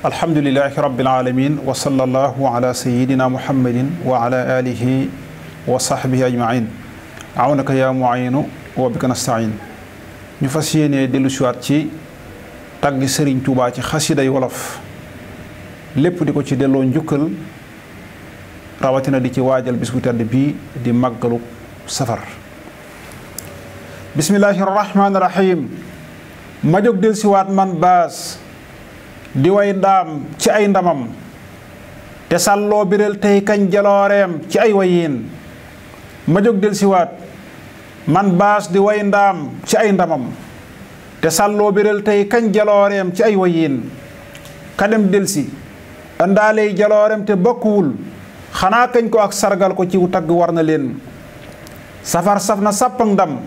alhamdulilahi rabbil alamin wa sallallahu ala sayidina muhammadin wa ala alihi wa sahbihi ajmain awnaka yaa muayinu wa bika nastain ñu fas yéene dellu siwaat ci tàgg sëriñ Tuubaa ci xasiday wolof lépp di ko ci delloo njukkal rawatina di ci waajal bis bu bii di màggalu safar bismillahi rahmaani ma jóg dellu siwaat man baas di way ndaam ci ay ndamam te sàlloo biral tey kañ jalooreem ci ay wayiin ma jóg del man baas di way ndaam ci ay ndamam te sàlloo biral tey kañ jalooreem ci ay wayiin kadem delsi andaaley jaloorem te bokkuwul xanaa kañ ko ak sargal ko ciw tagg war na leen safar saf na sàppak ndam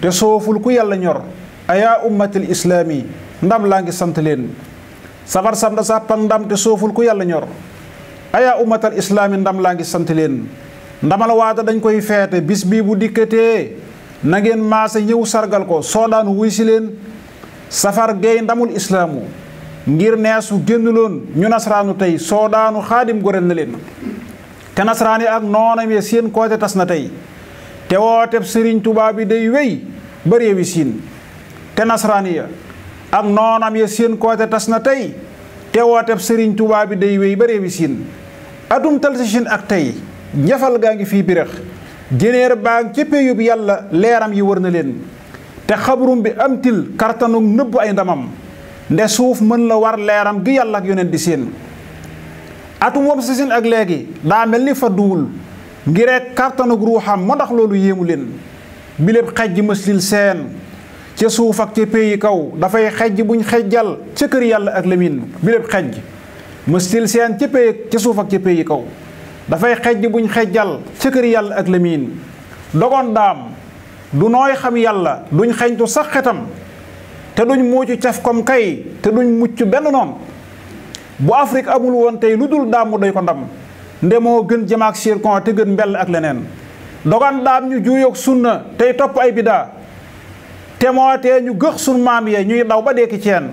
te sooful ku yàlla ñor ayaa ummatil islaami ndam laa ngi sant leen safar sanda sa pan ndam te sooful ku yàlla ñor ayaa ummatal islaami ndam laa ngi sant leen ndamal waata dañ koy feete bis bii bu dikkatee na ngeen maase ñëw sargal ko soo daan wuy si leen safar gay ndamul islaamu ngir neesu génnuloon ñu nasraanu tey soo daanu xaadim goreel na leen te nasraan yi ak noonam ya seen koote tas na tey te wooteb sëriñ tubaab yi day wéy ba réewi siin te nasraan ya ak noonam ya seen koote tas na tey te wooteb sëriñ Tuubaa bi day wéy ba réewi siin atum talsisin ak tey njafal gaa ngi fii birex jëneer baa ngi ca yàlla leeram yi wër na leen te xabrum bi am til kartanu nëbb ay ndamam nde suuf mën la war leeram gi yàlla ak yonent di seen atum wam sisin ak léegi daa mel ni fa duwul ngir rek kartanug ruuxam moo ndax loolu yéemu leen biléb xej ji mëslil seen ca suuf ak ca péyi kaw dafay xejj buñ xejjal ca kër yàlla ak lëmin bi lépp xejj mëstil seen ca péy ca suuf ca péyi kaw dafay xejj buñ xejjal ca kër yàlla ak lëmin dogon daam du nooy xam yàlla duñ xeñtu sax xetam te duñ muucu caf kom kay te duñ mucc benn noonu bu Afrique amul woon tey lu dul daam mu doy ko ndam ndemoo gën jëm ak te gën mbell ak leneen dogon daam ñu juuyoog sunna tey topp ay bidaa te moo tee ñu gëx sunu maam yee ñuy daw ba dekki ceen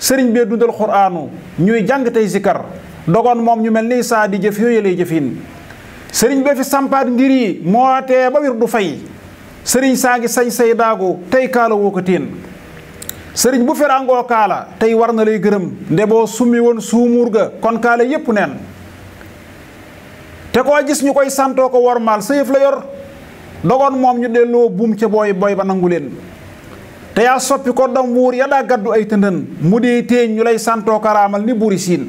sëriñ bee dundal xuraanu ñuy jàng tey zikar dogoon moom ñu mel ni saa di jëf yooyu lay jëfin sëriñ bee fi sampaat ngir yi moo tee ba wir du fay sëriñ saa ngi sañ say daagu tey kaala woo ko teen sëriñ bu ferangoo kaala tey war na lay gërëm nde boo summi woon suumuur ga kon kaala yépp neen te koo gis ñu koy santoo ko wormaal sa yëf la yor dogoon moom ñu delloo buum ca booy booy ba nangu leen te yaa soppi ko dam wuur ya daa gaddu ay tëndën mu dee teeñ ñu lay santoo karaamal ni buri siin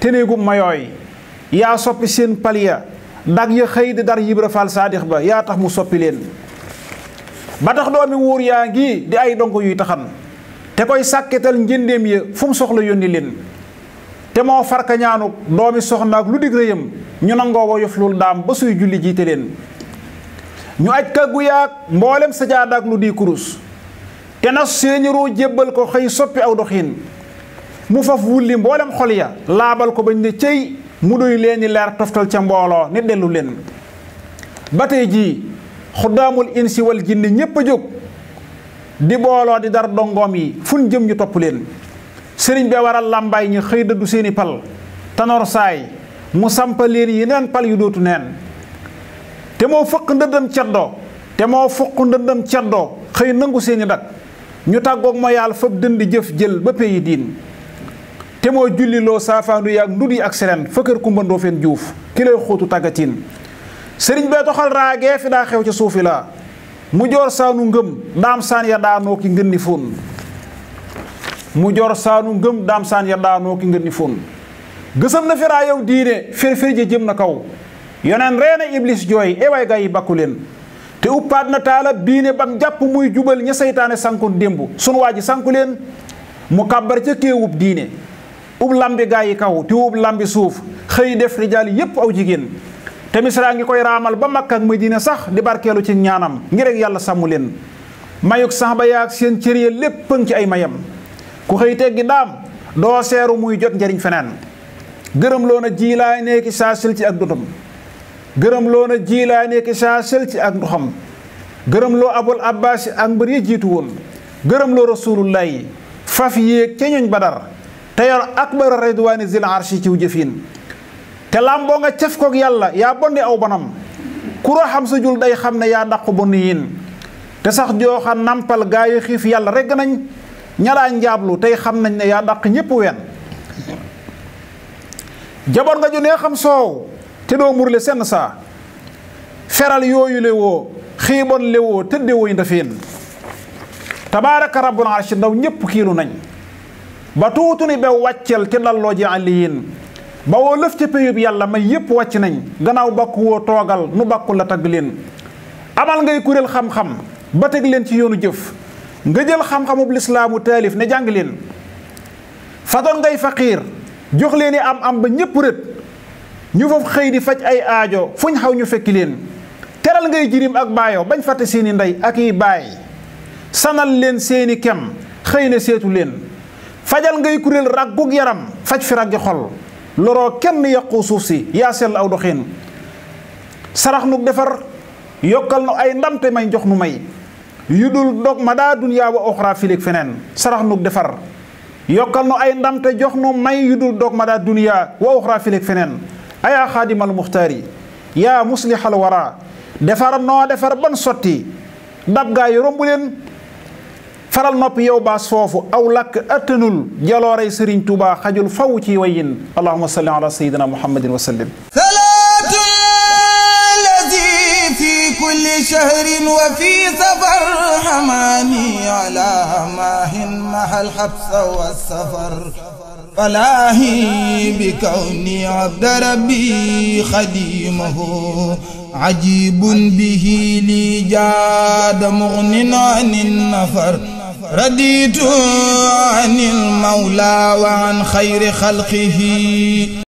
teneegum ma yooy yaa soppi seen paliya dag ya xëy di dar yibra faal saadix ba yaa tax mu soppi leen ba tax doomi wuur yaa ngi di ay donk yuy taxan te koy sàkketal njëndéem ya fu mu soxla yónni leen te moo farka ñaanuk doomi soxna lu dig ñu nangoo woyof lul daam ba suy julli jiite leen ñu aj kàggu yaag mboolem sajaada ak lu di kurus te na séenéroo jébbal ko xëy soppi aw doxiin mu faf wulli mboolem xol ya laabal ko bañ ne cëy mu doy leeni leer toftal ca mbooloo ne dellu leen ba tey jii xuddaamul insi siwal jinni ñépp a jóg di booloo di dara dongoom yi fun jëm ñu topp leen sëriñ bee waral làmbaay ñu xëy dëddu seeni pal tanoor saay mu sampa yi yeneen pal yu dootu neen te moo fëq ndëndam ceddoo te moo fuq ndëndam ceddoo xëy nangu seeni dak ñu tàggoog ma yàlla fab dënd jëf jël ba peyi diin te moo julliloo saafaandu yaag ndud yi ak sereen fa kër kumbandoo fen juuf ki lay xóotu tàggatiin sëriñ bee toxal raagee fi daa xew ca suufi la mu joor saanu ngëm daam saan ya daanoo ki ngën ni fóon mu joor saanu ngëm daam saan ya daanoo ki ngën ni fóon gësam na firaa yow diine firfir ja jëm na kaw yoneen reena iblis jooy ewaay gaa yi bakku leen te uppaat na taala diine bam jàpp muy jubal ña seytaane sankun démb sunu waa ji sanku leen mu kàbbar ca kéewub diine ub lambi gaa yi kaw te ub lambi suuf xëy def rijaal yépp aw jigéen te misraa ngi koy raamal ba Makka ak Madina sax di barkeelu ci ñaanam ngir rek yàlla sàmm leen mayuk sax ba seen cër ya lépp pëng ci ay mayam ku xëy teggi daam doo seeru muy jot njariñ feneen gërëm loona jiilaay neeki saasil ci ak dotom gërëm loo na jiilaane ki saa sel ak ndoxam gërëm loo abul abbas ak mbër yi jiitu woon gërëm loo rasulullah yi faf yéeg ca ñoñ badar te yor akbara ridwaani wu arshi ciw te làmboo nga cef koog yàlla yaa bondi aw bonam kuroo xam sa jul day xam ne yaa daq bon yin te sax jooxa nampal gaa yu xiif yàlla rekk nañ ñalaa njaablu tey xam nañ ne yaa daq ñépp ween jaboot nga ju nee xam soow te doo mburle senn saa feral yooyu le woo xiibon le woo tëdde wooyu nda feen tabaaraka rabbul arshi ndaw ñépp kiilu nañ ba tuutu ni be wàccel te lalloo ji àlliyin ba woo lëf ca péyub yàlla may yépp wàcc nañ gannaaw bakku woo toogal nu bakku la tagg leen amal ngay kuréel xam-xam ba teg leen ci yoonu jëf nga jël xam-xamub lislaamu taalif ne jàng leen fa doon ngay faqiir jox leen i am am ba ñépp rët ñu foofu xëy di faj ay aajo fuñ xaw ñu fekki leen teral ngay jirim ak baayoo bañ fàtte seeni ndey ak i baay sanal leen seeni kem xëy na seetu leen fajal ngay kuréel raggug yaram faj fi raggi xol loroo kenn yàqu suuf si yaa sell aw doxiin sarax nu defar yokkal nu ay ndamte may jox nu may yu dul dog ma daa dunyaa wa oxraa filig feneen sarax nu defar yokkal nu ay ndamte jox nu may yu dul dog ma daa dunyaa wa oxraa filig feneen ayaa xaadimal muxtaari yaa muslihal wara defar noo defar ban sotti dab gaa yi romb leen faral noppi yow baas foofu aw làkk attanul jaloorey sëriñ Tuubaa xajul faw ci wayin allahumma salli ala sayyidina muhammadin wa sallim salaatu alladi fi kulli shahrin wa fi safar hamani ala mahin mahal habsa wa safar falaahi bi kawni abd rabbi xadimahu ajibun bihi li jaada mugnin anin nafar raditu anil mawla wa an xayri xalqihi